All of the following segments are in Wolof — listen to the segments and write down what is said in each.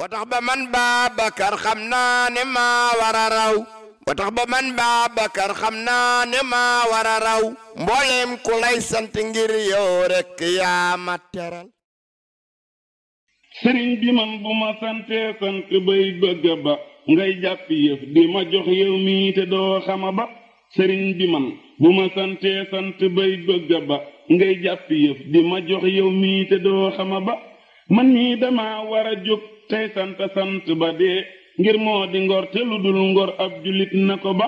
ba tax ba man Babacar xam naa ne maa war tax ba man Babacar xam naa ne ma war a raw mbooleem ku lay sant ngir yow rek yaa ma teral sëriñ bi man bu ma santee sant bay bëgg ba ngay jàpp yëf di ma jox yow mii te doo xama ba sëriñ bi man bu ma santee sant bay bëgg ba ngay jàpp yëf di ma jox yow mii te doo xama ba man mii dama war a jóg tey sant sant ba dee ngir moo di ngor te lu dul ngor ab julit na ko ba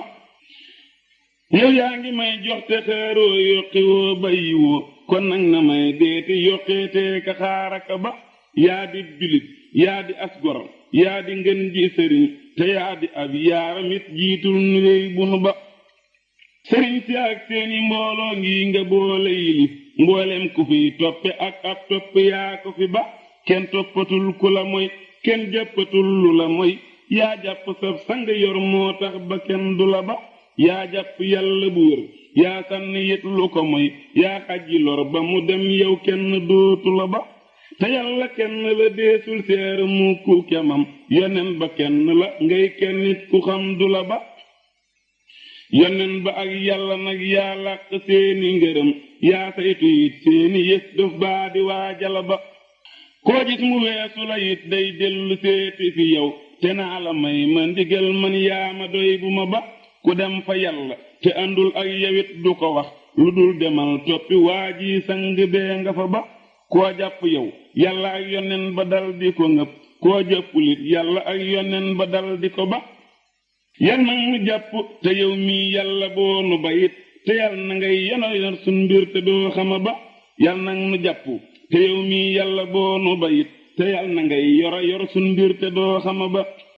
yow yaa ngi may jox te xeeroo yokkiwoo bayiwoo kon nag na may deeti yokkeetee ka xaaraka ba yaa di julit yaa di as yaa di ngën ji sëriñ te yaa di ab yaaramit jiitul nu yey bunu ba sëriñ si ak seeni mbooloo ngi nga boole yili mbooleem ku fiy toppe ak ab topp yaa ko fi ba kenn toppatul ku la moy kenn jàppatul lu la mooy yaa jàpp sa sang yor moo tax ba kenn du la ba yaa jàpp yàlla bu wér yaa sànni lu ko mooy yaa xajji lor ba mu dem yow kenn dootu la ba te yàlla kenn la deesul seer mu ku kemam yonen ba kenn la ngay kenn nit ku xam du la ba yonen ba ak yàlla nag yaa làq seeni ngërëm yaa saytu it seeni yëf def baa di waajala ba koo gis mu weesu la it day dellu seeti fi yow te naa la may ma ndigal man yaa ma doy bu ma ba ku dem fa yàlla te àndul ak yowit du ko wax lu dul demal toppi waa ji sang bee nga fa ba koo jàpp yow yàlla ak yonen ba dal ko ngëp koo jàppulit yàlla ak yonen ba dal ko ba yal na nu jàpp te yow mii yàlla boo nu bayit te yal na ngay yenoy yor mbir te doo xama ba yal na nu jàpp te yow mii yàlla boonu ba it te yàlla na ngay yora yor suñ mbir te doo xama ba